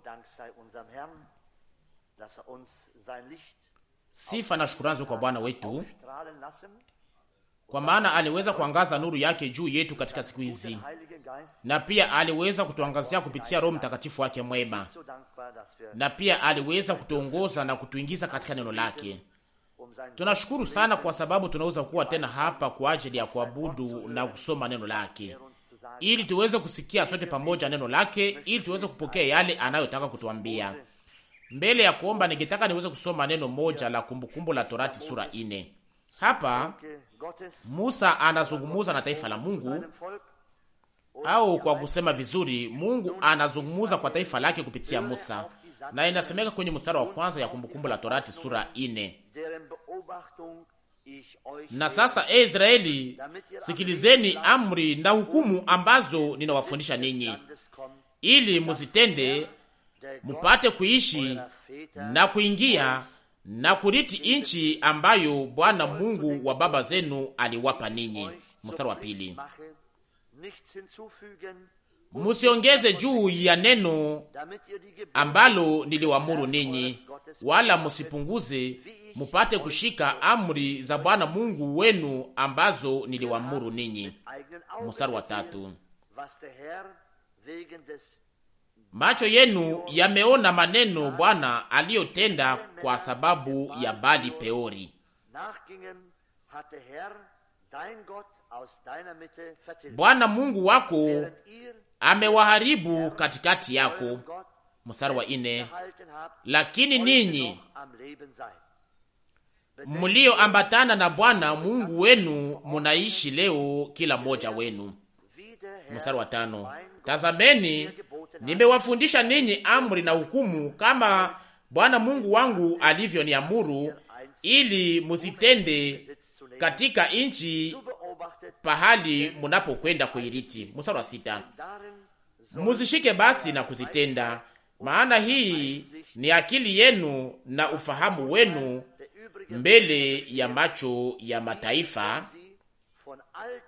Und Dank sei unserem Herrn, dass er uns sein Licht Sifa na shukuranzi kwa Bwana wetu, kwa maana aliweza kuangaza nuru yake juu yetu katika siku hizi, na pia aliweza kutuangazia kupitia Roho Mtakatifu wake mwema, na pia aliweza kutuongoza na kutuingiza katika neno lake. Um Tunashukuru sana kwa sababu tunaweza kuwa tena hapa kwa ajili ya kuabudu na kusoma neno lake ili tuweze kusikia sote pamoja neno lake, ili tuweze kupokea yale anayotaka kutuambia. Mbele ya kuomba, ningetaka niweze kusoma neno moja la Kumbukumbu la Torati sura ine. Hapa Musa anazungumuza na taifa la Mungu, au kwa kusema vizuri, Mungu anazungumuza kwa taifa lake kupitia Musa, na inasemeka kwenye mstari wa kwanza ya Kumbukumbu la Torati sura ine na sasa e Israeli, sikilizeni amri na hukumu ambazo ninawafundisha ninyi, ili muzitende, mupate kuishi na kuingia na kuriti nchi ambayo Bwana Mungu wa baba zenu aliwapa ninyi. Mstari wa pili musiongeze juu ya neno ambalo niliwaamuru ninyi, wala musipunguze, mupate kushika amri za Bwana Mungu wenu ambazo niliwaamuru ninyi. Mstari wa tatu, macho yenu yameona maneno Bwana aliyotenda kwa sababu ya Bali Peori. Bwana Mungu wako amewaharibu katikati yako. Mstari wa ine, lakini ninyi mlioambatana na Bwana Mungu wenu munaishi leo kila mmoja wenu. Mstari wa tano, tazameni nimewafundisha ninyi amri na hukumu kama Bwana Mungu wangu alivyoniamuru, ili musitende katika nchi pahali munapokwenda kuiriti. Mstari wa sita, muzishike basi na kuzitenda, maana hii ni akili yenu na ufahamu wenu mbele ya macho ya mataifa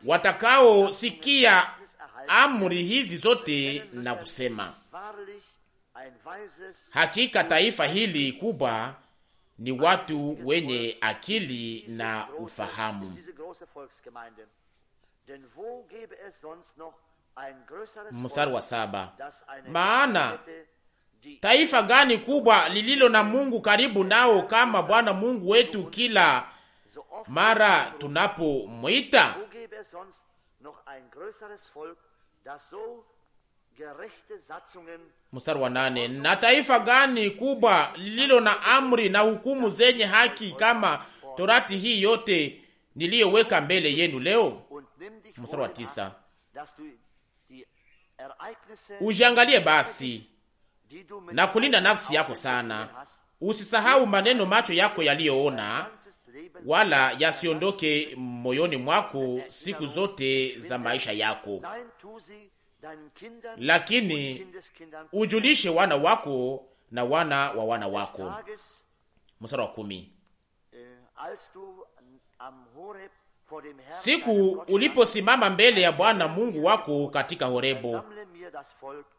watakaosikia amri hizi zote na kusema, hakika taifa hili kubwa ni watu wenye akili na ufahamu mstari wa saba. Maana taifa gani kubwa lililo na Mungu karibu nao kama Bwana Mungu wetu kila mara tunapomwita? Mstari wa nane. Na taifa gani kubwa lililo na amri na hukumu zenye haki kama torati hii yote niliyoweka mbele yenu leo? mstari wa tisa. Ujiangalie basi na kulinda nafsi yako sana, usisahau maneno macho yako yaliyoona, wala yasiondoke moyoni mwako er siku zote za maisha yako, lakini ujulishe wana wako na wana wa wana wako. Mstari wa kumi. Äh, siku uliposimama mbele ya Bwana Mungu wako katika Horebo,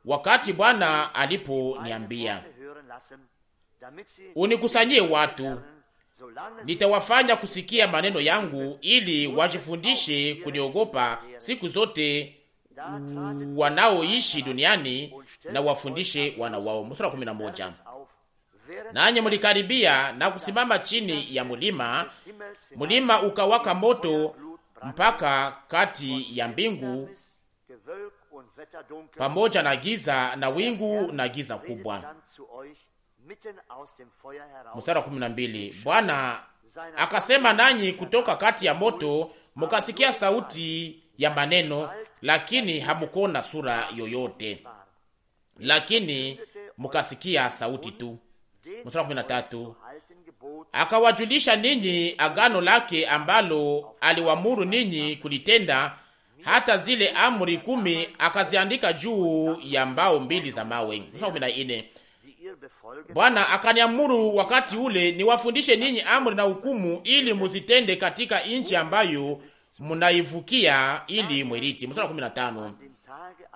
wakati Bwana aliponiambia unikusanyie watu, nitawafanya kusikia maneno yangu, ili wajifundishe kuniogopa siku zote wanaoishi duniani na wafundishe wana wao. Mstari wa kumi na moja nanyi mulikaribia na kusimama chini ya mulima, mulima ukawaka moto mpaka kati ya mbingu, pamoja na giza na wingu na giza kubwa. Mstari wa kumi na mbili, Bwana akasema nanyi kutoka kati ya moto, mukasikia sauti ya maneno, lakini hamukona sura yoyote, lakini mukasikia sauti tu mstari wa kumi na tatu akawajulisha ninyi agano lake ambalo aliwamuru ninyi kulitenda, hata zile amri kumi akaziandika juu ya mbao mbili za mawe. Mstari wa kumi na nne Bwana akaniamuru wakati ule niwafundishe ninyi amri na hukumu, ili muzitende katika nchi ambayo mnaivukia, ili mwiriti. Mstari wa kumi na tano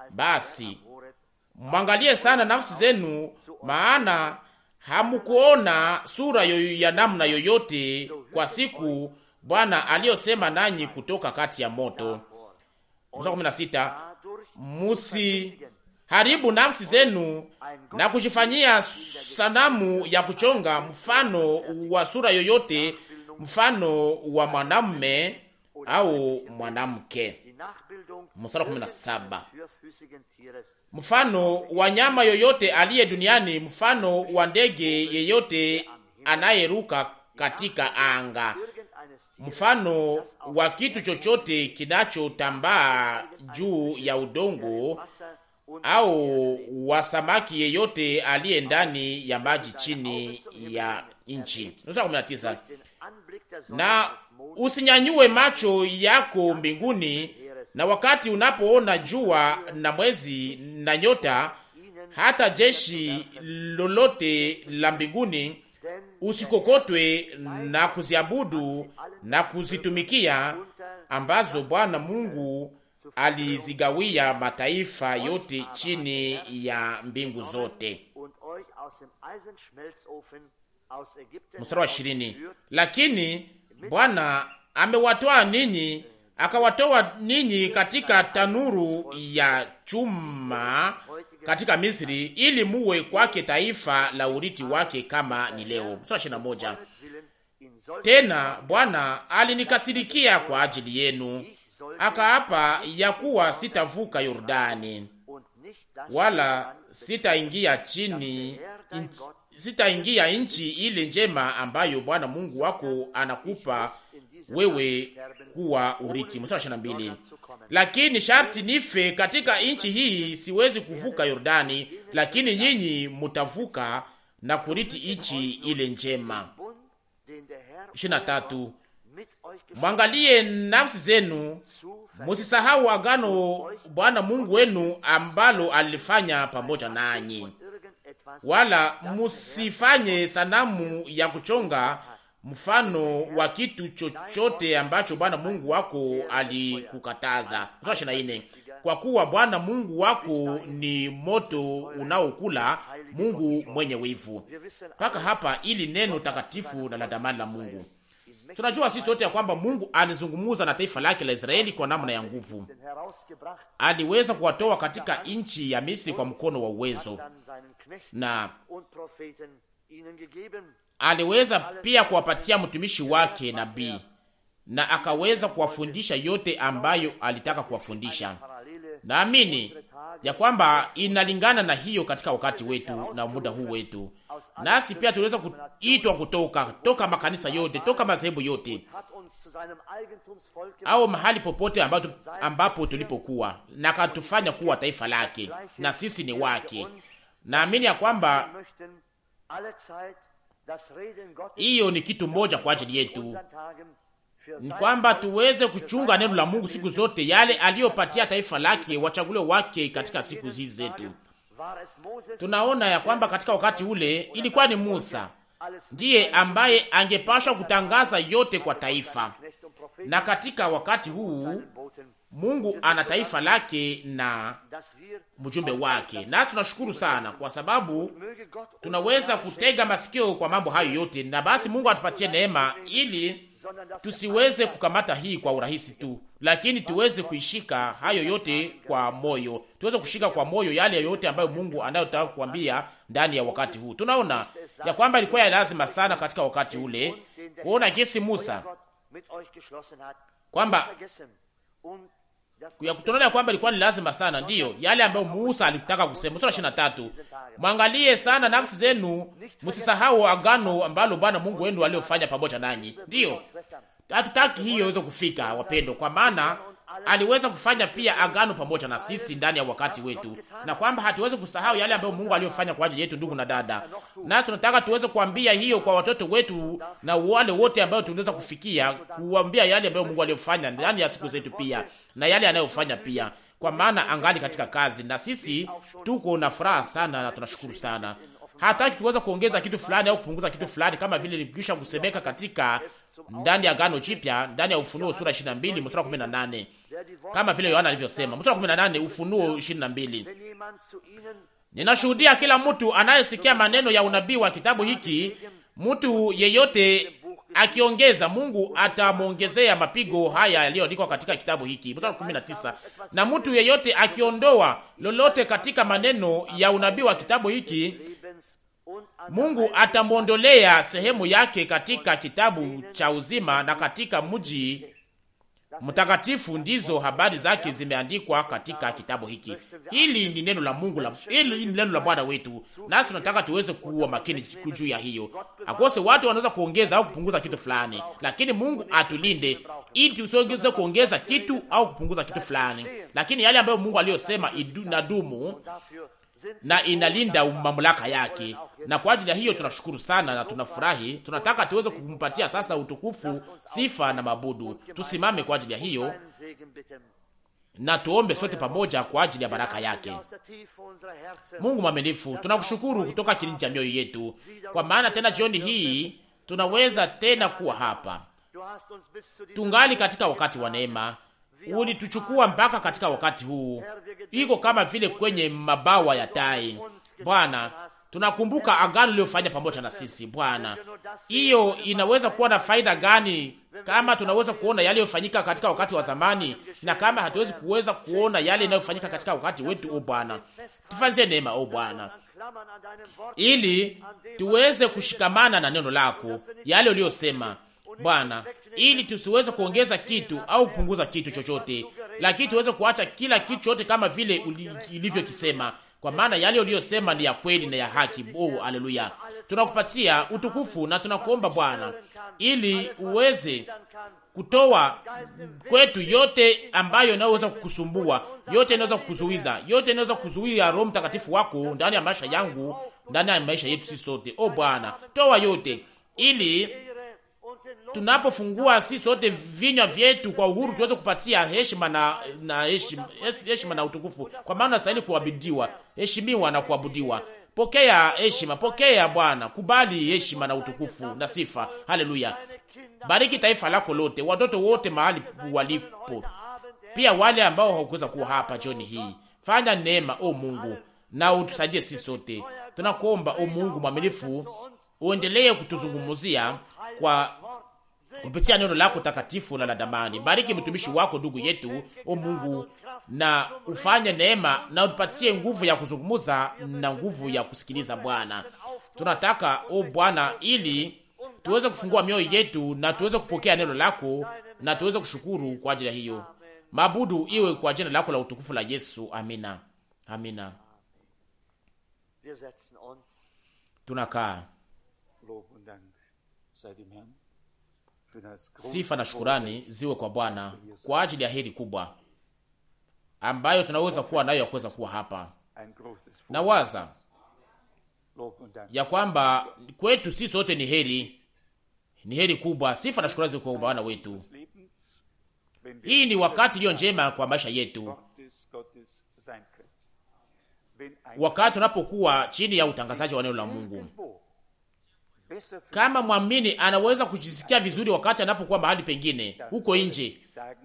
basi mwangalie sana nafsi zenu, maana hamukuona sura yoy ya namna yoyote kwa siku Bwana aliyosema nanyi kutoka kati ya moto. Musi haribu nafsi zenu na kujifanyia sanamu ya kuchonga mfano wa sura yoyote, mfano wa mwanamme au mwanamke mfano wa nyama yoyote aliye duniani, mfano wa ndege yeyote anayeruka katika anga, mfano wa kitu chochote kinachotambaa juu ya udongo, au wa samaki yeyote aliye ndani ya maji chini ya nchi. Na usinyanyue macho yako mbinguni na wakati unapoona jua na mwezi na nyota, hata jeshi lolote la mbinguni, usikokotwe na kuziabudu na kuzitumikia, ambazo Bwana Mungu alizigawia mataifa yote chini ya mbingu zote. Mstari wa ishirini, lakini Bwana amewatoa ninyi akawatoa ninyi katika tanuru ya chuma katika Misri ili muwe kwake taifa la urithi wake kama ni leo. Ishirini na moja. Tena Bwana alinikasirikia kwa ajili yenu, akaapa ya kuwa sitavuka Yordani wala sitaingia chini sitaingia nchi ile njema ambayo Bwana Mungu wako anakupa wewe kuwa uriti. Mstari ishirini na mbili, lakini sharti nife katika nchi hii, siwezi kuvuka Yordani, lakini nyinyi mutavuka na kuriti nchi ile njema. ishirini na tatu, mwangalie nafsi zenu, musisahau agano Bwana Mungu wenu ambalo alifanya pamoja nanyi, wala musifanye sanamu ya kuchonga mfano wa kitu chochote ambacho Bwana Mungu wako alikukataza. Ishirini na nne kwa kuwa Bwana Mungu wako ni moto unaokula, Mungu mwenye wivu. Mpaka hapa, ili neno takatifu na la damani la Mungu. Tunajua sisi wote ya kwamba Mungu alizungumuza na taifa lake la Israeli kwa namna ya nguvu. Aliweza kuwatoa katika nchi ya Misri kwa mkono wa uwezo na aliweza pia kuwapatia mtumishi wake nabii na akaweza kuwafundisha yote ambayo alitaka kuwafundisha. Naamini ya kwamba inalingana na hiyo katika wakati wetu na muda huu wetu, nasi pia tuliweza kuitwa kutoka toka makanisa yote, toka madhehebu yote, au mahali popote ambapo, ambapo tulipokuwa, na akatufanya kuwa taifa lake na sisi ni wake. Naamini ya kwamba hiyo ni kitu moja kwa ajili yetu, ni kwamba tuweze kuchunga neno la Mungu siku zote, yale aliyopatia taifa lake, wachaguliwa wake katika siku hizi zetu. Tunaona ya kwamba katika wakati ule ilikuwa ni Musa ndiye ambaye angepashwa kutangaza yote kwa taifa, na katika wakati huu Mungu ana taifa lake na mjumbe wake, nasi tunashukuru sana kwa sababu tunaweza kutega masikio kwa mambo hayo yote. Na basi Mungu atupatie neema ili tusiweze kukamata hii kwa urahisi tu, lakini tuweze kuishika hayo yote kwa moyo, tuweze kushika kwa moyo yale yote ambayo Mungu anayotaka kuambia ndani ya wakati huu. Tunaona ya kwamba ilikuwa ya lazima sana katika wakati ule kuona jinsi Musa kwamba ya kutonana kwamba ilikuwa ni lazima sana, ndiyo yale ambayo Musa alitaka kusema. Sura 23, mwangalie sana nafsi zenu, msisahau agano ambalo Bwana Mungu wenu aliofanya pamoja nanyi. Ndiyo hatutaki hiyo iweze kufika, wapendo, kwa maana aliweza kufanya pia agano pamoja na sisi ndani ya wakati wetu, na kwamba hatuwezi kusahau yale ambayo Mungu aliyofanya kwa ajili yetu, ndugu na dada, na tunataka tuweze kuambia hiyo kwa watoto wetu na wale wote ambao tunaweza kufikia, kuambia yale ambayo Mungu aliyofanya ndani ya siku zetu pia na yale anayofanya pia, kwa maana angali katika kazi, na sisi tuko na furaha sana na tunashukuru sana hataki tuweza kuongeza kitu fulani au kupunguza kitu fulani, kama vile ilikwisha kusemeka katika ndani ya Agano Jipya, ndani ya Ufunuo sura 22 mstari wa 18, kama vile Yohana alivyosema, mstari wa 18, Ufunuo 22: ninashuhudia kila mtu anayesikia maneno ya unabii wa kitabu hiki, mtu yeyote akiongeza, Mungu atamwongezea mapigo haya yaliyoandikwa katika kitabu hiki. Mstari 19, na mtu yeyote akiondoa lolote katika maneno ya unabii wa kitabu hiki Mungu atamwondolea sehemu yake katika kitabu cha uzima na katika mji mtakatifu. Ndizo habari zake zimeandikwa katika kitabu hiki. Hili ni neno la Mungu la, hili ni neno la Bwana wetu, nasi tunataka tuweze kuwa makini juu ya hiyo. Akose watu wanaweza kuongeza au kupunguza kitu fulani, lakini Mungu atulinde ili tusiongeze kuongeza kitu au kupunguza kitu fulani, lakini yale ambayo Mungu aliyosema dumu na inalinda mamlaka yake na kwa ajili ya hiyo tunashukuru sana na tunafurahi. Tunataka tuweze kumpatia sasa utukufu, sifa na mabudu. Tusimame kwa ajili ya hiyo na tuombe sote pamoja kwa ajili ya baraka yake. Mungu mwaminifu, tunakushukuru kutoka kilindi cha mioyo yetu, kwa maana tena jioni hii tunaweza tena kuwa hapa tungali katika wakati wa neema. Ulituchukua mpaka katika wakati huu, iko kama vile kwenye mabawa ya tai. Bwana, tunakumbuka agano uliyofanya pamoja na sisi Bwana. Hiyo inaweza kuwa na faida gani kama tunaweza kuona yale yaliyofanyika katika wakati wa zamani, na kama hatuwezi kuweza kuona yale yanayofanyika katika wakati wetu? O Bwana, tufanzie neema o Bwana, ili tuweze kushikamana na neno lako, yale uliyosema Bwana, ili tusiweze kuongeza kitu au kupunguza kitu chochote, lakini tuweze kuacha kila kitu chote kama vile ulivyokisema kwa maana yale uliyosema ni ya kweli na ya haki. Oh, aleluya! Tunakupatia utukufu na tunakuomba Bwana, ili uweze kutoa kwetu yote ambayo inaweza kukusumbua, yote inaweza kukuzuiza, yote inaweza kuzuia Roho Mtakatifu wako ndani ya maisha yangu, ndani ya maisha yetu sisi sote. O oh, Bwana, toa yote ili tunapofungua si sote vinywa vyetu kwa uhuru, tuweze kupatia heshima na na heshima, heshima na utukufu, kwa maana unastahili kuabudiwa, heshimiwa na kuabudiwa. Pokea heshima, pokea Bwana, kubali heshima na utukufu na sifa. Haleluya! Bariki taifa lako lote, watoto wote mahali walipo, pia wale ambao hawakuweza kuwa hapa jioni hii. Fanya neema, o Mungu, na utusaidie sisi sote, tunakuomba o Mungu mwaminifu, uendelee kutuzungumzia kwa kupitia neno lako takatifu na la damani. Bariki mtumishi wako ndugu yetu, o Mungu, na ufanye neema na utupatie nguvu ya kuzungumza na nguvu ya kusikiliza Bwana. Tunataka o Bwana, ili tuweze kufungua mioyo yetu na tuweze kupokea neno lako na tuweze kushukuru kwa ajili hiyo. Mabudu iwe kwa jina lako la utukufu la Yesu. Amina, amina. Tunakaa. Sifa na shukurani ziwe kwa Bwana kwa ajili ya heri kubwa ambayo tunaweza kuwa nayo ya kuweza kuwa hapa na waza ya kwamba kwetu si sote ni heri, ni heri kubwa. Sifa na shukurani ziwe kwa Bwana wetu. Hii ni wakati iliyo njema kwa maisha yetu, wakati unapokuwa chini ya utangazaji wa neno la Mungu kama mwamini anaweza kujisikia vizuri wakati anapokuwa mahali pengine huko nje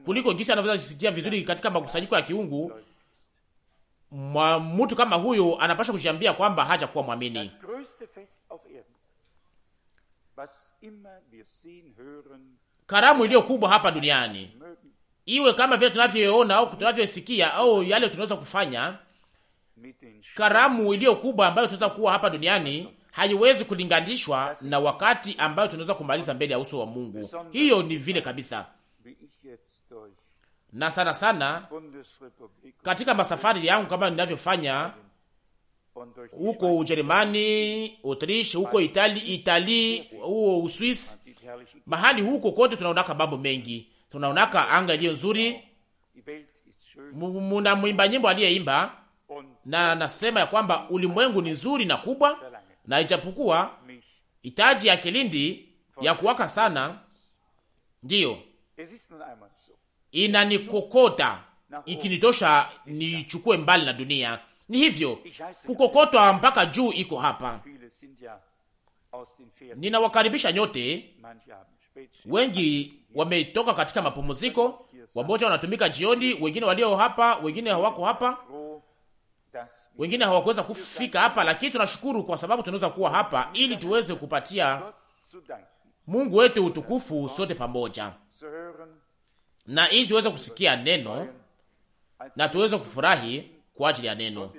kuliko jinsi anaweza kujisikia vizuri katika makusanyiko ya kiungu. Mtu kama huyu anapaswa kujiambia kwamba haja kuwa mwamini. Karamu iliyo kubwa hapa duniani, iwe kama vile tunavyoona au tunavyosikia au yale tunaweza kufanya, karamu iliyo kubwa ambayo tunaweza kuwa hapa duniani haiwezi kulinganishwa na wakati ambayo tunaweza kumaliza mbele ya uso wa Mungu. Hiyo ni vile kabisa, na sana sana katika masafari yangu kama ninavyofanya huko Ujerumani, Autriche, huko Itali, Itali, huo uswis mahali huko kote tunaonaka mambo mengi, tunaonaka anga iliyo nzuri. Muna mwimba nyimbo aliyeimba na anasema ya kwamba ulimwengu ni nzuri na kubwa na ijapokuwa hitaji ya kilindi ya kuwaka sana ndiyo inanikokota ikinitosha nichukue mbali na dunia. Ni hivyo kukokotwa mpaka juu iko hapa. Ninawakaribisha nyote. Wengi wametoka katika mapumziko, wamoja wanatumika jioni, wengine walio hapa, wengine hawako hapa, wengine hawakuweza kufika hapa, lakini tunashukuru kwa sababu tunaweza kuwa hapa ili tuweze kupatia Mungu wetu utukufu sote pamoja, na ili tuweze kusikia neno na tuweze kufurahi kwa ajili ya neno.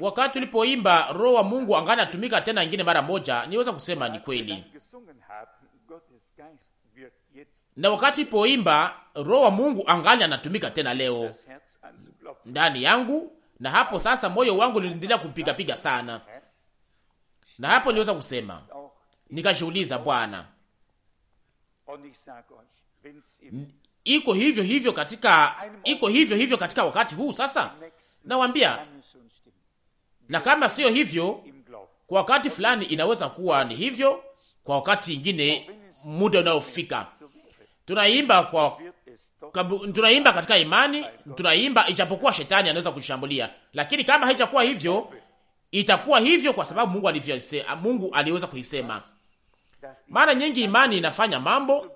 Wakati tulipoimba Roho wa Mungu angani atumika tena ingine mara moja, niweza kusema ni kweli. Na wakati tulipoimba Roho wa Mungu angani anatumika tena leo ndani yangu, na hapo sasa moyo wangu uliendelea kupigapiga sana, na hapo niliweza kusema, nikajiuliza, Bwana, iko hivyo hivyo katika iko hivyo hivyo katika wakati huu sasa. Nawambia, na kama siyo hivyo, kwa wakati fulani inaweza kuwa ni hivyo, kwa wakati ingine muda unaofika tunaimba kwa tunaimba katika imani, tunaimba ijapokuwa shetani anaweza kushambulia, lakini kama haijakuwa hivyo, itakuwa hivyo kwa sababu Mungu alivyosema, Mungu aliweza kuisema. Mara nyingi imani inafanya mambo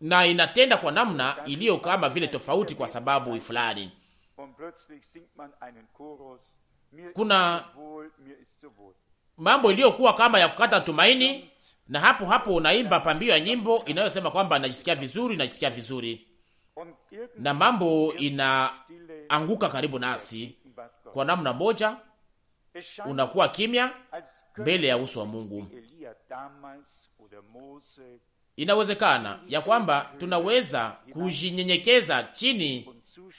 na inatenda kwa namna iliyo kama vile tofauti kwa sababu fulani. Kuna mambo iliyokuwa kama ya kukata tumaini, na hapo hapo unaimba pambio ya nyimbo inayosema kwamba najisikia vizuri, najisikia vizuri na mambo inaanguka karibu nasi. Kwa namna moja, unakuwa kimya mbele ya uso wa Mungu. Inawezekana ya kwamba tunaweza kujinyenyekeza chini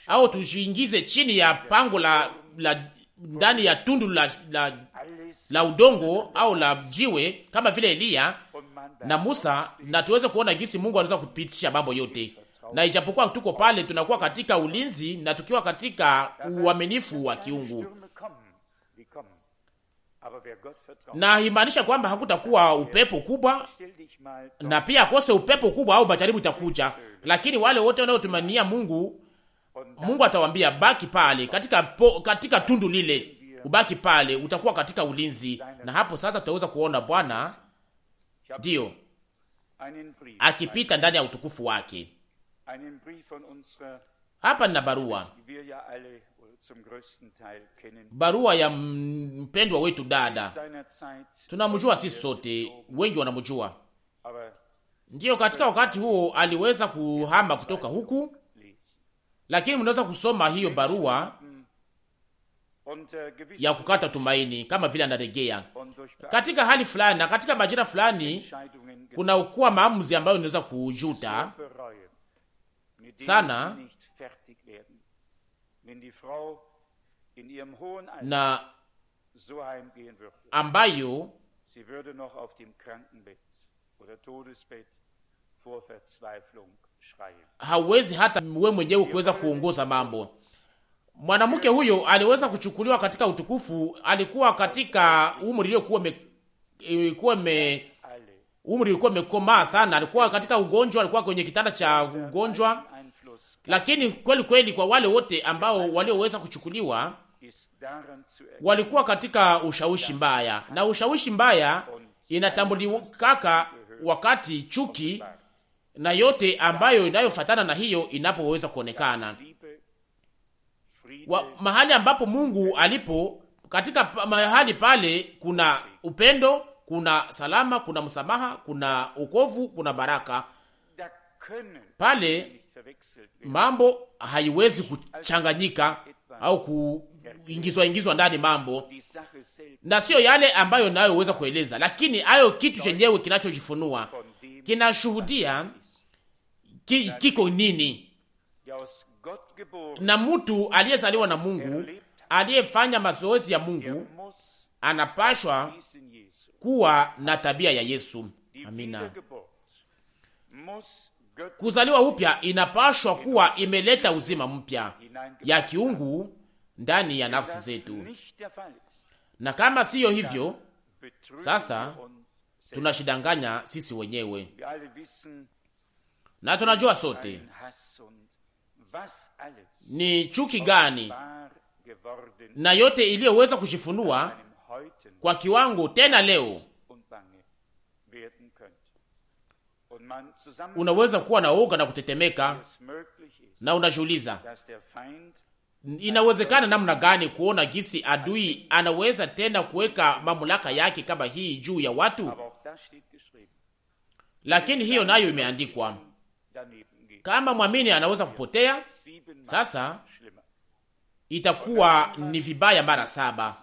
au tujiingize chini ya pango la, la ndani ya tundu la, la, la udongo au la jiwe kama vile Eliya na Musa, na tuweze kuona jinsi Mungu anaweza kupitisha mambo yote na ijapokuwa tuko pale, tunakuwa katika ulinzi na tukiwa katika uaminifu wa kiungu, na imaanisha kwamba hakutakuwa upepo kubwa, na pia akose upepo kubwa au majaribu itakuja, lakini wale wote wanaotumania Mungu, Mungu atawambia baki pale katika, po, katika tundu lile, ubaki pale, utakuwa katika ulinzi, na hapo sasa tutaweza kuona Bwana ndiyo akipita ndani ya utukufu wake. Hapa nina barua, barua ya mpendwa wetu dada, tunamjua sisi sote, wengi wanamjua. Ndiyo, katika wakati huo aliweza kuhama kutoka huku, lakini mnaweza kusoma hiyo barua ya kukata tumaini kama vile anaregea katika hali fulani na katika majira fulani, kuna ukuwa maamuzi ambayo inaweza kujuta sana na ambayo hauwezi hata we mwenyewe kuweza kuongoza mambo. Mwanamke huyo aliweza kuchukuliwa katika utukufu, alikuwa katika umri iliyokuwa ilikuwa me, umri ulikuwa umekomaa sana, alikuwa katika ugonjwa, alikuwa kwenye kitanda cha ugonjwa lakini kweli kweli kwa wale wote ambao walioweza kuchukuliwa walikuwa katika ushawishi mbaya, na ushawishi mbaya inatambulikaka wakati chuki na yote ambayo inayofatana na hiyo inapoweza kuonekana wa, mahali ambapo Mungu alipo katika mahali pale kuna upendo, kuna salama, kuna msamaha, kuna ukovu, kuna baraka, pale mambo haiwezi kuchanganyika au kuingizwa ingizwa ndani mambo, na sio yale ambayo nayo huweza kueleza, lakini hayo kitu chenyewe kinachojifunua kinashuhudia ki, kiko nini, na mtu aliyezaliwa na Mungu aliyefanya mazoezi ya Mungu anapashwa kuwa na tabia ya Yesu. Amina. Kuzaliwa upya inapashwa kuwa imeleta uzima mpya ya kiungu ndani ya nafsi zetu, na kama siyo hivyo, sasa tunashidanganya sisi wenyewe, na tunajua sote ni chuki gani na yote iliyoweza kujifunua kwa kiwango tena leo unaweza kuwa na oga na kutetemeka, na unajiuliza inawezekana namna gani kuona gisi adui anaweza tena kuweka mamlaka yake kama hii juu ya watu. Lakini hiyo nayo imeandikwa kama mwamini anaweza kupotea. Sasa itakuwa ni vibaya mara saba,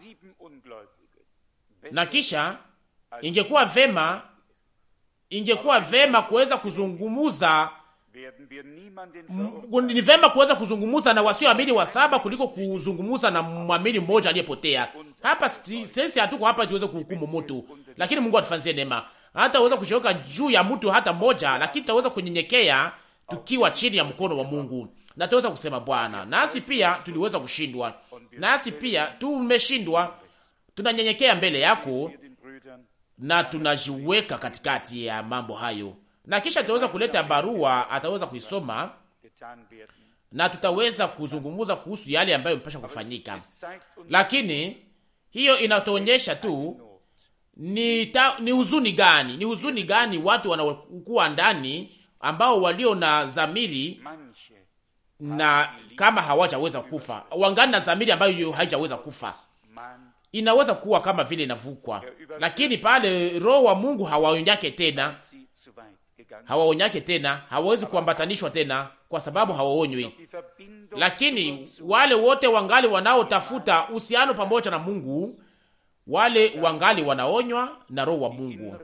na kisha ingekuwa vema ingekuwa vema kuweza kuzungumuza ni vema kuweza kuzungumuza na wasioamini wa saba kuliko kuzungumuza na mwamini mmoja aliyepotea. Hapa sisi hatuko hapa tuweze kuhukumu mtu, lakini Mungu atufanzie neema. Hata uweza kushoka juu ya mtu hata mmoja, lakini tutaweza kunyenyekea tukiwa chini ya mkono wa Mungu, na tutaweza kusema Bwana, nasi pia tuliweza kushindwa, nasi pia tumeshindwa, tunanyenyekea mbele yako na tunajiweka katikati ya mambo hayo, na kisha tutaweza kuleta barua, ataweza kuisoma na tutaweza kuzungumza kuhusu yale ambayo imepasha kufanyika. Lakini hiyo inatuonyesha tu ni, ta, ni huzuni gani, ni huzuni gani watu wanaokuwa ndani ambao walio na dhamiri na kama hawajaweza kufa wangani na dhamiri ambayo haijaweza kufa inaweza kuwa kama vile inavukwa, lakini pale roho wa Mungu hawaonyake tena, hawaonyake tena, hawawezi kuambatanishwa tena kwa sababu hawaonywi. Lakini wale wote wangali wanaotafuta uhusiano pamoja na Mungu, wale wangali wanaonywa na roho wa Mungu.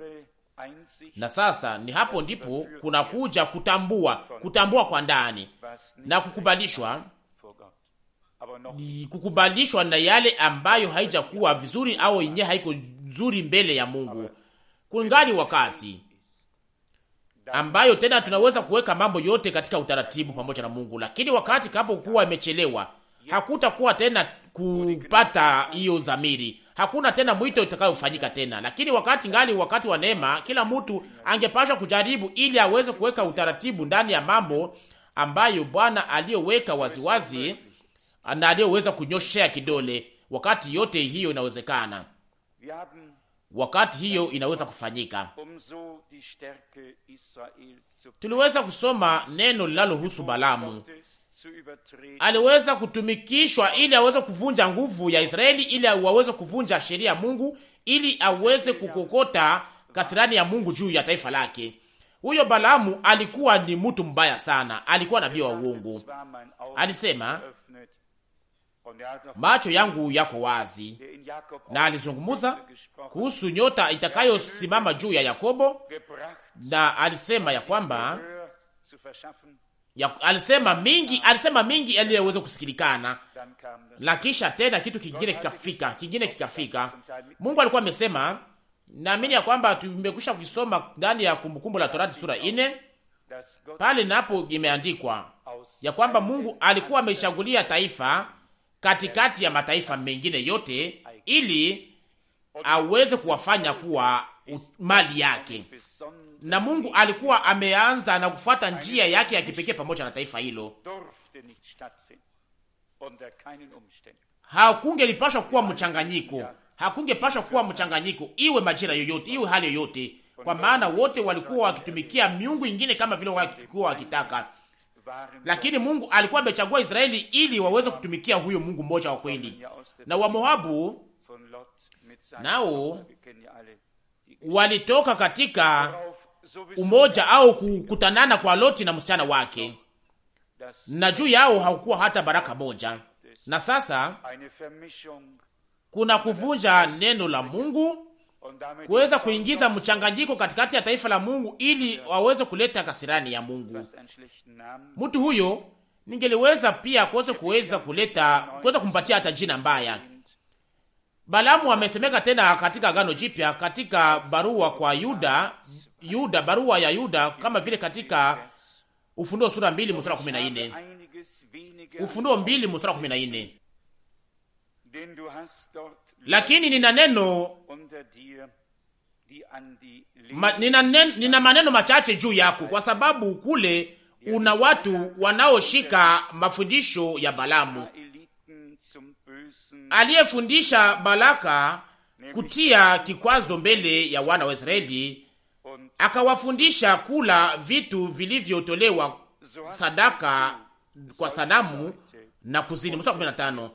Na sasa ni hapo ndipo kunakuja kutambua, kutambua kwa ndani na kukubalishwa kukubalishwa na yale ambayo haijakuwa vizuri au yenyewe haiko nzuri mbele ya Mungu. Kungali wakati ambayo tena tunaweza kuweka mambo yote katika utaratibu pamoja na Mungu, lakini wakati kapo kuwa imechelewa, hakutakuwa tena kupata hiyo zamiri hakuna tena mwito itakayofanyika tena. Lakini wakati ngali wakati wa neema, kila mtu angepashwa kujaribu ili aweze kuweka utaratibu ndani ya mambo ambayo Bwana aliyoweka waziwazi na aliyoweza kunyoshea kidole. Wakati yote hiyo inawezekana, wakati hiyo inaweza kufanyika. Um Tuliweza kusoma neno linalohusu Balamu, aliweza kutumikishwa ili aweze kuvunja nguvu ya Israeli, ili waweze kuvunja sheria ya Mungu, ili aweze kukokota kasirani ya Mungu juu ya taifa lake. Huyo Balaamu alikuwa ni mtu mbaya sana, alikuwa nabii wa uongo. Alisema, macho yangu yako wazi. Na alizungumuza kuhusu nyota itakayosimama juu ya Yakobo, na alisema ya kwamba ya, alisema mingi, alisema mingi aliyeweza kusikilikana, na kisha tena kitu kingine kikafika, kingine kikafika. Mungu alikuwa amesema, naamini ya kwamba tumekwisha kusoma ndani ya Kumbukumbu la Torati sura ine, pale napo imeandikwa ya kwamba Mungu alikuwa amechagulia taifa katikati ya mataifa mengine yote, ili aweze kuwafanya kuwa mali yake. Na Mungu alikuwa ameanza na kufuata njia yake ya kipekee pamoja na taifa hilo. Hakungelipashwa kuwa mchanganyiko, hakungepashwa kuwa mchanganyiko, iwe majira yoyote, iwe hali yoyote, kwa maana wote walikuwa wakitumikia miungu ingine kama vile walikuwa wakitaka lakini Mungu alikuwa amechagua Israeli ili waweze kutumikia huyo Mungu mmoja wa kweli. Na Wamoabu nao walitoka katika umoja au kukutanana kwa Loti na msichana wake, na juu yao hakukuwa hata baraka moja. Na sasa kuna kuvunja neno la Mungu kuweza kuingiza mchanganyiko katikati ya taifa la Mungu ili waweze kuleta kasirani ya Mungu. Mtu huyo ningeliweza pia kuweza kuweza kuleta kuweza kumpatia hata jina mbaya. Balamu amesemeka tena katika Agano Jipya, katika barua kwa Yuda, Yuda, barua ya Yuda, kama vile katika Ufunuo sura mbili mstari kumi na nne Ufunuo mbili mstari kumi na nne lakini nina neno ma, nina, nen, nina maneno machache juu yako, kwa sababu kule una watu wanaoshika mafundisho ya Balamu aliyefundisha Balaka kutia kikwazo mbele ya wana wa Israeli, akawafundisha kula vitu vilivyotolewa sadaka kwa sanamu na kuzini. Mstari 15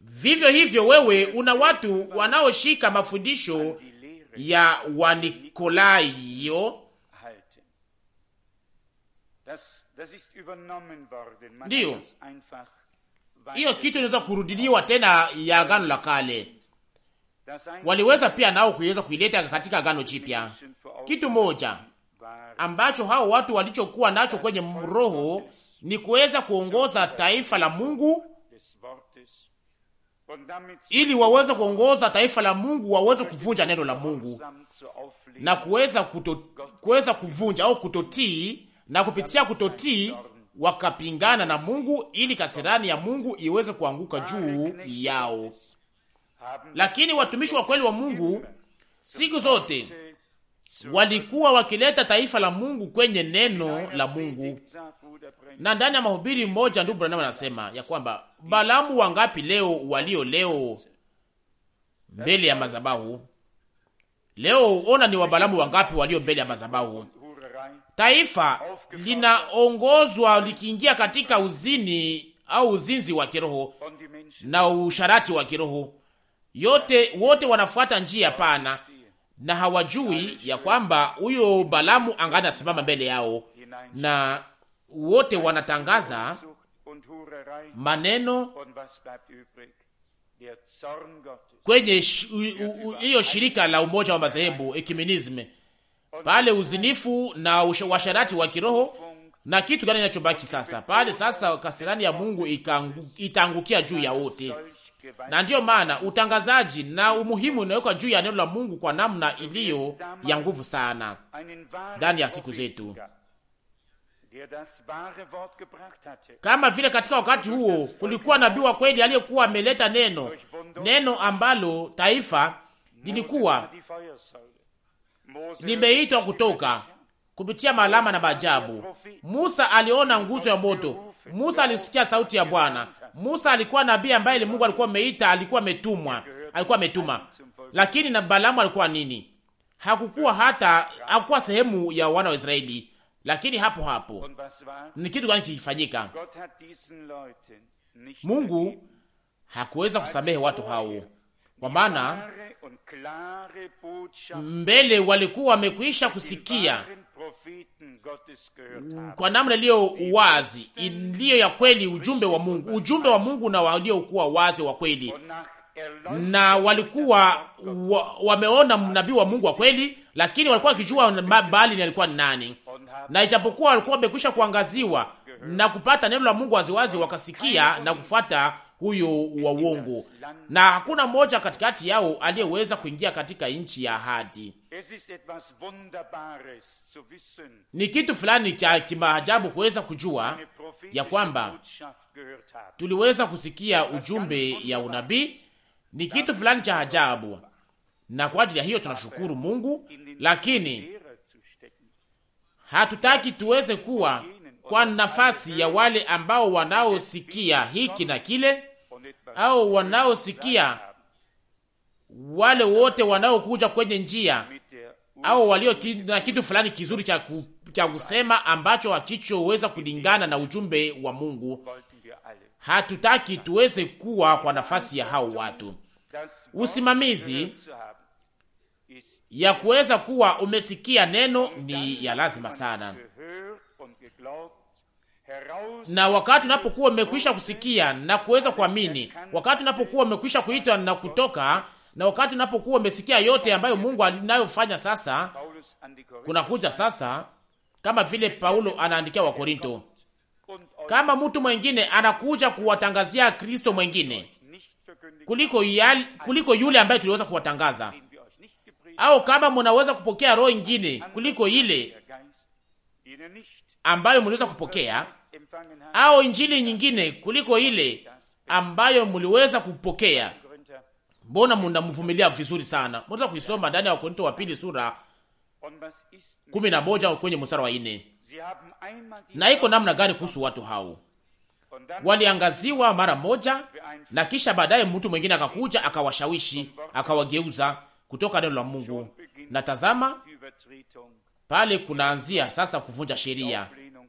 Vivyo hivyo wewe una watu wanaoshika mafundisho ya Wanikolayo, ndiyo hiyo kitu inaweza kurudiliwa tena ya Agano la Kale, waliweza pia nao kuweza kuileta katika Agano Jipya. Kitu moja ambacho hao watu walichokuwa nacho kwenye roho ni kuweza kuongoza taifa la Mungu ili waweze kuongoza taifa la Mungu, waweze kuvunja neno la Mungu na kuweza kuto, kuweza kuvunja au kutotii, na kupitia kutotii wakapingana na Mungu, ili kasirani ya Mungu iweze kuanguka juu yao. Lakini watumishi wa kweli wa Mungu siku zote walikuwa wakileta taifa la Mungu kwenye neno la Mungu. Na ndani ya mahubiri mmoja, ndugu Branham anasema ya kwamba balamu wangapi leo walio leo mbele ya mazabahu leo, ona ni Wabalamu wangapi walio mbele ya mazabahu. Taifa linaongozwa likiingia katika uzini au uzinzi wa kiroho na usharati wa kiroho yote, wote wanafuata njia pana na hawajui ya kwamba huyo Balamu angani asimama mbele yao, na wote wanatangaza maneno kwenye hiyo shirika la umoja wa madhehebu ekumenisme pale, uzinifu na washarati wa kiroho na kitu gani kinachobaki sasa pale? Sasa kasirani ya Mungu itangukia juu ya wote na ndiyo maana utangazaji na umuhimu unawekwa juu ya neno la Mungu kwa namna iliyo ya nguvu sana ndani ya siku zetu, kama vile katika wakati huo kulikuwa nabii wa kweli aliyekuwa ameleta neno, neno ambalo taifa lilikuwa limeitwa kutoka kupitia maalama na maajabu. Musa aliona nguzo ya moto, Musa alisikia sauti ya Bwana. Musa alikuwa nabii ambaye Mungu alikuwa ameita, alikuwa ametumwa, alikuwa ametuma. Lakini na Balaamu alikuwa nini? Hakukuwa hata hakukuwa sehemu ya wana wa Israeli. Lakini hapo hapo ni kitu gani kilifanyika? Mungu hakuweza kusamehe watu hao, kwa maana mbele walikuwa wamekwisha kusikia kwa namna iliyo wazi, iliyo ya kweli, ujumbe wa Mungu, ujumbe wa Mungu na waliokuwa wazi wa kweli, na walikuwa wa, wameona nabii wa Mungu wa kweli, lakini walikuwa wakijua bali ni alikuwa nani, na ijapokuwa walikuwa wamekwisha kuangaziwa na kupata neno la Mungu waziwazi, wakasikia na kufuata huyo wa uongo, na hakuna mmoja katikati yao aliyeweza kuingia katika nchi ya ahadi. Ni kitu fulani cha kimaajabu kuweza kujua ya kwamba tuliweza kusikia ujumbe ya unabii. Ni kitu fulani cha ajabu, na kwa ajili ya hiyo tunashukuru Mungu, lakini hatutaki tuweze kuwa kwa nafasi ya wale ambao wanaosikia hiki na kile au wanaosikia, wale wote wanaokuja kwenye njia au walio na kitu fulani kizuri cha ku, cha kusema ambacho hakichoweza kulingana na ujumbe wa Mungu. Hatutaki tuweze kuwa kwa nafasi ya hao watu. Usimamizi ya kuweza kuwa umesikia neno ni ya lazima sana na wakati unapokuwa umekwisha kusikia na kuweza kuamini, wakati unapokuwa umekwisha kuitwa na kutoka, na wakati unapokuwa umesikia yote ambayo Mungu anayofanya sasa, kunakuja sasa, kama vile Paulo anaandikia wa Korinto, kama mtu mwengine anakuja kuwatangazia Kristo mwengine kuliko, yali, kuliko yule ambaye tuliweza kuwatangaza, au kama mnaweza kupokea roho ingine kuliko ile ambayo mliweza kupokea au injili nyingine kuliko ile ambayo mliweza kupokea, mbona mnamvumilia vizuri sana? Mnaweza kuisoma ndani ya Wakorinto wa pili sura kumi na moja kwenye mstari wa nne. Na iko namna gani kuhusu watu hao? Waliangaziwa mara moja, na kisha baadaye mtu mwingine akakuja akawashawishi, akawageuza kutoka neno la Mungu, na tazama pale kunaanzia sasa kuvunja sheria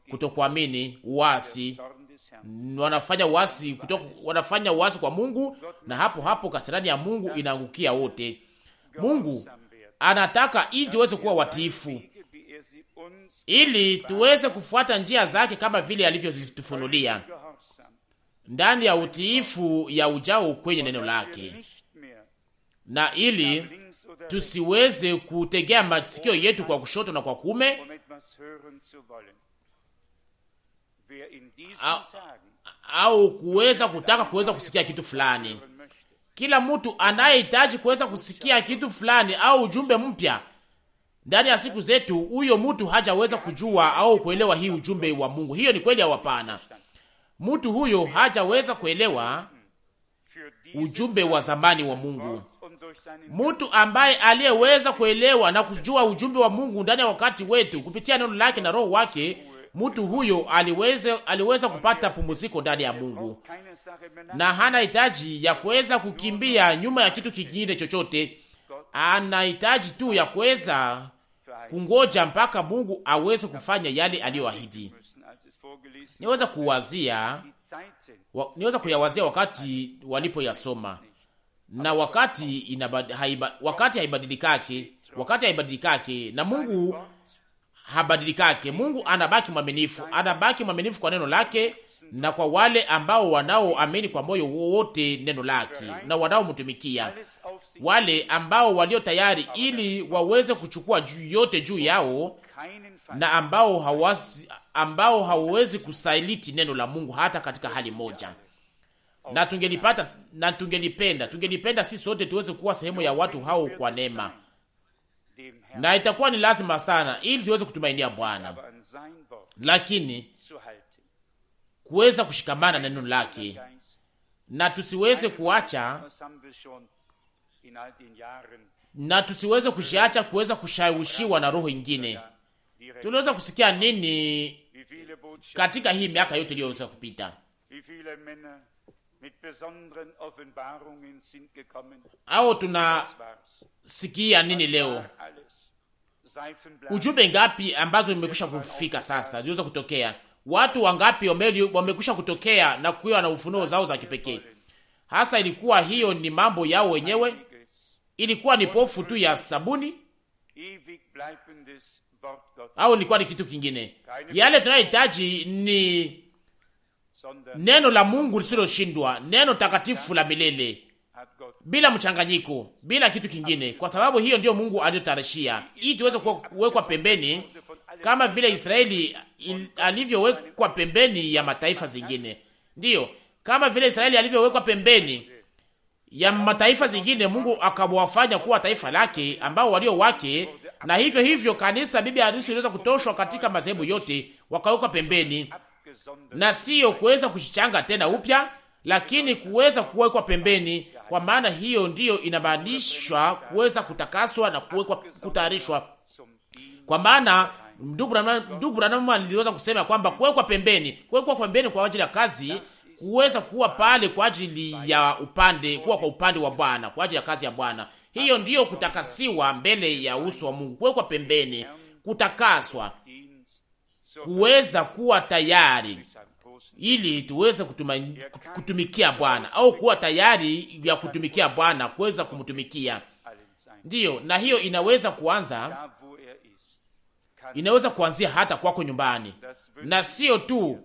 kutokuamini, uasi, wanafanya uasi kutoku, wanafanya uasi kwa Mungu, na hapo hapo kasirani ya Mungu inaangukia wote. Mungu anataka ili tuweze kuwa watiifu, ili tuweze kufuata njia zake kama vile alivyotufunulia ndani ya utiifu ya ujao kwenye neno lake, na ili tusiweze kutegea masikio yetu kwa kushoto na kwa kume au, kuweza kutaka kuweza kusikia kitu fulani. Kila mtu anayehitaji kuweza kusikia kitu fulani au ujumbe mpya ndani ya siku zetu, huyo mtu hajaweza kujua au kuelewa hii ujumbe wa Mungu. Hiyo ni kweli au hapana? Mtu huyo hajaweza kuelewa ujumbe wa zamani wa Mungu. Mtu ambaye aliyeweza kuelewa na kujua ujumbe wa Mungu ndani ya wakati wetu kupitia neno lake na roho wake mtu huyo aliweza, aliweza kupata pumuziko ndani ya Mungu na hana hitaji ya kuweza kukimbia nyuma ya kitu kingine chochote. Anahitaji tu ya kuweza kungoja mpaka Mungu aweze kufanya yale aliyoahidi. Niweza kuwazia wa, niweza kuyawazia wakati walipoyasoma na wakati inabad, haiba, wakati haibadilikake wakati haibadilikake na Mungu habadilikake. Mungu anabaki mwaminifu, anabaki mwaminifu kwa neno lake na kwa wale ambao wanaoamini kwa moyo wote neno lake na wanaomtumikia, wale ambao walio tayari ili waweze kuchukua juu yote juu yao na ambao hawasi, ambao hawezi kusaliti neno la Mungu hata katika hali moja. Na tungelipata na tungelipenda tungelipenda sisi sote tuweze kuwa sehemu ya watu hao kwa neema na itakuwa ni lazima sana ili tuweze kutumainia Bwana, lakini kuweza kushikamana na neno lake na tusiweze kuacha na tusiweze kushiacha kuweza kushawishiwa na roho ingine. Tuliweza kusikia nini katika hii miaka yote iliyoweza kupita? au tunasikia nini leo? Ujumbe ngapi ambazo imekwisha kufika sasa, ziweza kutokea? Watu wangapi wamekwisha kutokea na kuwa na ufunuo zao za kipekee? Hasa ilikuwa hiyo ni mambo yao wenyewe, ilikuwa ni pofu tu ya sabuni au ilikuwa ni kitu kingine? Yale tunayohitaji ni neno la Mungu lisiloshindwa, neno takatifu la milele, bila mchanganyiko, bila kitu kingine, kwa sababu hiyo ndiyo Mungu aliyotarishia ili tuweze kuwekwa pembeni kama vile Israeli alivyowekwa pembeni ya mataifa zingine. Ndiyo, kama vile Israeli alivyowekwa pembeni ya mataifa zingine, Mungu akawafanya kuwa taifa lake ambao walio wake, na hivyo hivyo kanisa, bibi harusi, iliweza kutoshwa katika madhehebu yote, wakawekwa pembeni na siyo kuweza kujichanga tena upya, lakini kuweza kuwekwa pembeni, kwa maana hiyo ndiyo inamaanishwa kuweza kutakaswa na kuwekwa kutayarishwa. Kwa maana ndugu Branham aliweza kusema kwamba kuwekwa pembeni, kuwekwa pembeni kwa ajili ya kazi, kuweza kuwa pale kwa ajili ya upande, kuwa kwa upande wa Bwana, kwa ajili ya kazi ya Bwana. Hiyo ndiyo kutakasiwa mbele ya uso wa Mungu, kuwekwa pembeni, kutakaswa kuweza kuwa tayari ili tuweze kutuma, kutumikia Bwana au kuwa tayari ya kutumikia Bwana, kuweza kumtumikia. Ndiyo, na hiyo inaweza kuanza, inaweza kuanzia hata kwako nyumbani, na sio tu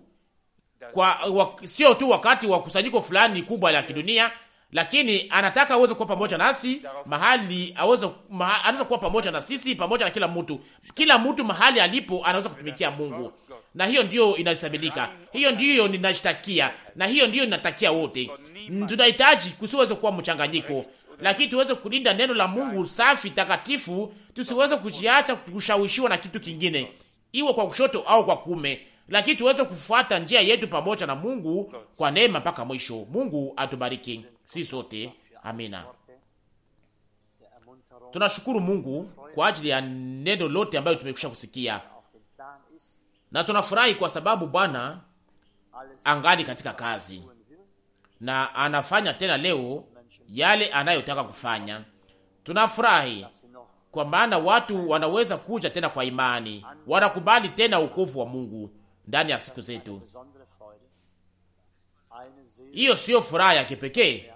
kwa, sio tu wakati wa kusanyiko fulani kubwa la kidunia lakini anataka aweze kuwa pamoja nasi mahali aweze maha, anaweza kuwa pamoja na sisi, pamoja na kila mtu. Kila mtu mahali alipo anaweza kutumikia Mungu, na hiyo ndiyo inasabilika, hiyo ndiyo ninashtakia, na hiyo ndiyo ninatakia wote. Tunahitaji kusiweze kuwa mchanganyiko, lakini tuweze kulinda neno la Mungu safi takatifu, tusiweze kujiacha kushawishiwa na kitu kingine, iwe kwa kushoto au kwa kume, lakini tuweze kufuata njia yetu pamoja na Mungu kwa neema mpaka mwisho. Mungu atubariki si sote. Amina. Tunashukuru Mungu kwa ajili ya neno lote ambayo tumekwisha kusikia, na tunafurahi kwa sababu Bwana angali katika kazi na anafanya tena leo yale anayotaka kufanya. Tunafurahi kwa maana watu wanaweza kuja tena kwa imani, wanakubali tena ukovu wa Mungu ndani ya siku zetu. Hiyo siyo furaha ya kipekee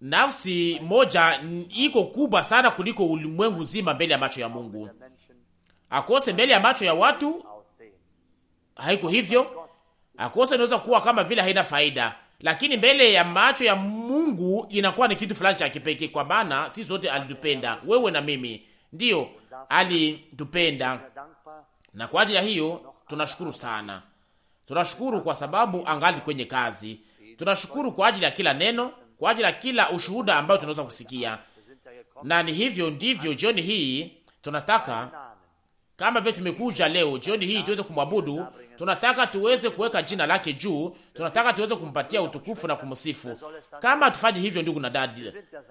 nafsi moja iko kubwa sana kuliko ulimwengu nzima mbele ya macho ya Mungu. Akose mbele ya macho ya watu haiko hivyo, akose inaweza kuwa kama vile haina faida, lakini mbele ya macho ya Mungu inakuwa ni kitu fulani cha kipekee, kwa maana si zote alitupenda, wewe na mimi, ndiyo alitupenda, na kwa ajili ya hiyo tunashukuru sana. Tunashukuru kwa sababu angali kwenye kazi. Tunashukuru kwa ajili ya kila neno kwa ajili ya kila ushuhuda ambao tunaweza kusikia. Na ni hivyo ndivyo jioni hii tunataka, kama vile tumekuja leo jioni hii tuweze kumwabudu, tunataka tuweze kuweka jina lake juu, tunataka tuweze kumpatia utukufu na kumsifu. Kama tufanye hivyo, ndugu na dada,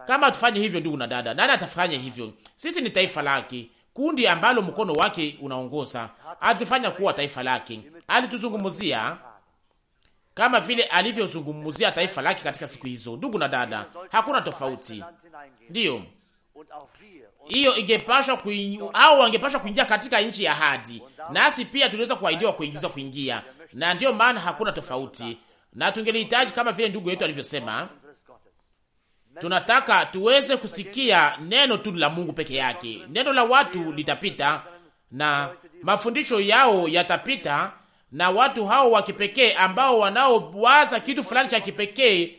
kama tufanye hivyo, ndugu na dada, nani atafanya hivyo? Sisi ni taifa lake, kundi ambalo mkono wake unaongoza, atufanya kuwa taifa lake. Alituzungumzia kama vile alivyozungumzia taifa lake katika siku hizo. Ndugu na dada, hakuna tofauti, ndiyo hiyo ingepashwa au wangepashwa kuingia katika nchi ya ahadi, nasi pia tuliweza kuahidiwa kuingizwa kuingia, na ndiyo maana hakuna tofauti, na tungelihitaji kama vile ndugu yetu alivyosema, tunataka tuweze kusikia neno tu la Mungu peke yake. Neno la watu litapita na mafundisho yao yatapita na watu hao wa kipekee ambao wanaowaza kitu fulani cha kipekee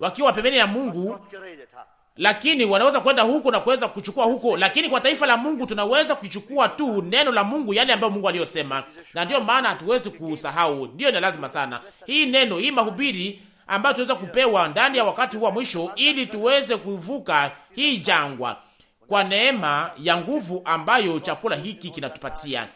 wakiwa pembeni ya Mungu, lakini wanaweza kwenda huko na kuweza kuchukua huko. Lakini kwa taifa la Mungu tunaweza kuchukua tu neno la Mungu, yale ambayo Mungu aliyosema, na ndiyo maana hatuwezi kusahau. Ndiyo, ni lazima sana hii neno, hii mahubiri ambayo tunaweza kupewa ndani ya wakati huu wa mwisho, ili tuweze kuvuka hii jangwa kwa neema ya nguvu ambayo chakula hiki kinatupatia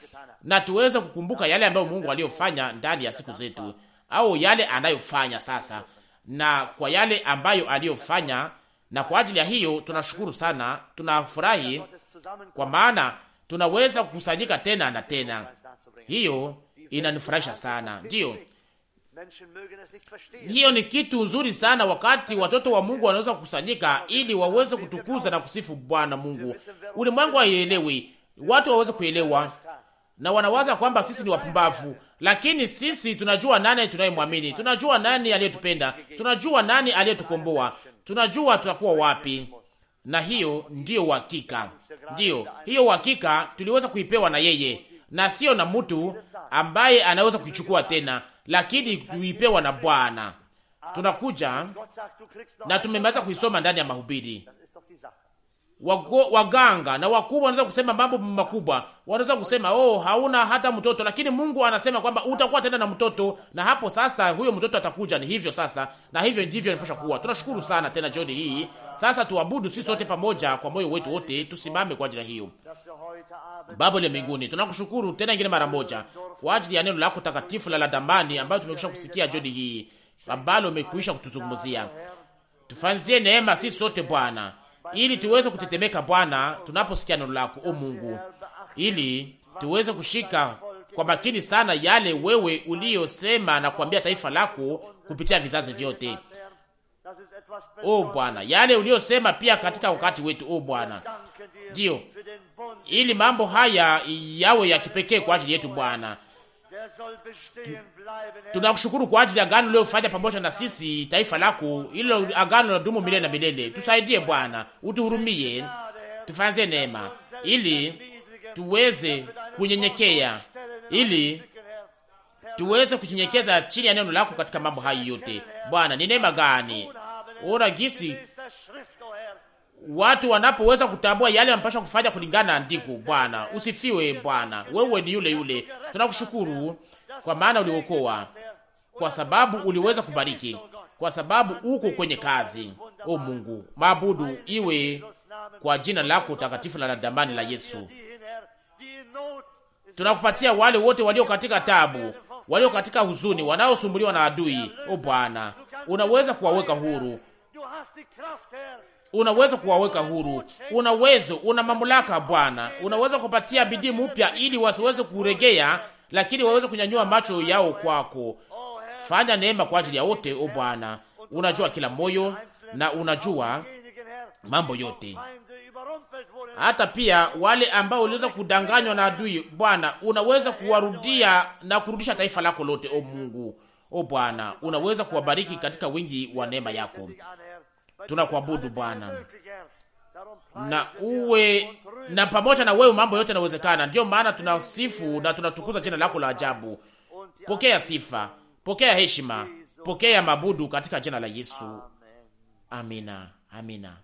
na tuweze kukumbuka yale ambayo Mungu aliyofanya ndani ya siku zetu au yale anayofanya sasa na kwa yale ambayo aliyofanya. Na kwa ajili ya hiyo tunashukuru sana, tunafurahi kwa maana tunaweza kukusanyika tena na tena. Hiyo inanifurahisha sana, ndiyo. Hiyo ni kitu nzuri sana, wakati watoto wa Mungu wanaweza kukusanyika ili waweze kutukuza na kusifu Bwana Mungu. Ulimwengu haielewi, watu waweze kuelewa na wanawaza kwamba sisi ni wapumbavu, lakini sisi tunajua nani tunayemwamini, tunajua nani aliyetupenda, tunajua nani aliyetukomboa, tunajua tutakuwa wapi. Na hiyo ndiyo uhakika, ndiyo hiyo uhakika tuliweza kuipewa na yeye, na sio na mtu ambaye anaweza kuichukua tena, lakini kuipewa na Bwana. Tunakuja na tumemaliza kuisoma ndani ya mahubiri waganga na wakubwa wanaweza kusema mambo makubwa, wanaweza kusema oh, hauna hata mtoto, lakini Mungu anasema kwamba utakuwa tena na mtoto, na hapo sasa huyo mtoto atakuja. Ni hivyo sasa, na hivyo ndivyo inapaswa kuwa. Tunashukuru sana tena jioni hii. Sasa tuabudu sisi sote pamoja kwa moyo wetu wote, tusimame kwa ajili hiyo. Baba ya mbinguni, tunakushukuru tena ingine mara moja kwa ajili ya neno lako takatifu la ladambani ambayo tumekwisha kusikia jioni hii, ambalo umekwisha kutuzungumzia. Tufanzie neema sisi sote Bwana ili tuweze kutetemeka, Bwana, tunaposikia neno lako, o Mungu, ili tuweze kushika kwa makini sana yale wewe uliyosema na kuambia taifa lako kupitia vizazi vyote. O Bwana, yale uliyosema pia katika wakati wetu, o Bwana, ndiyo, ili mambo haya yawe ya kipekee kwa ajili yetu Bwana. Tunakushukuru kwa ajili ya agano uliofanya pamoja na sisi, taifa lako, ilo agano la dumu milele na milele. Tusaidie Bwana, utuhurumie, tufanze neema ili tuweze kunyenyekea, ili tuweze kunyenyekeza chini ya neno lako katika mambo hayo yote. Bwana, ni neema gani ora gisi watu wanapoweza kutambua yale wanapaswa kufanya kulingana na andiko. Bwana usifiwe. Bwana wewe ni yule yule, tunakushukuru kwa maana uliokoa, kwa sababu uliweza kubariki, kwa sababu uko kwenye kazi. O Mungu, maabudu iwe kwa jina lako takatifu la nadamani la Yesu. Tunakupatia wale wote walio katika tabu, walio katika huzuni, wanaosumbuliwa na adui. O Bwana, unaweza kuwaweka huru una uwezo kuwaweka huru, una uwezo, una mamlaka Bwana, unaweza kupatia bidii mpya ili wasiweze kuregea, lakini waweze kunyanyua macho yao kwako. Fanya neema kwa ajili ya wote, o Bwana. Unajua kila moyo na unajua mambo yote, hata pia wale ambao waliweza kudanganywa na adui. Bwana, unaweza kuwarudia na kurudisha taifa lako lote. O Mungu, o Bwana, unaweza kuwabariki katika wingi wa neema yako tunakuabudu Bwana, na uwe na pamoja na wewe mambo yote yanawezekana. Ndiyo maana tunasifu na tunatukuza jina lako la ajabu. Pokea sifa, pokea heshima, pokea mabudu katika jina la Yesu. Amina, amina.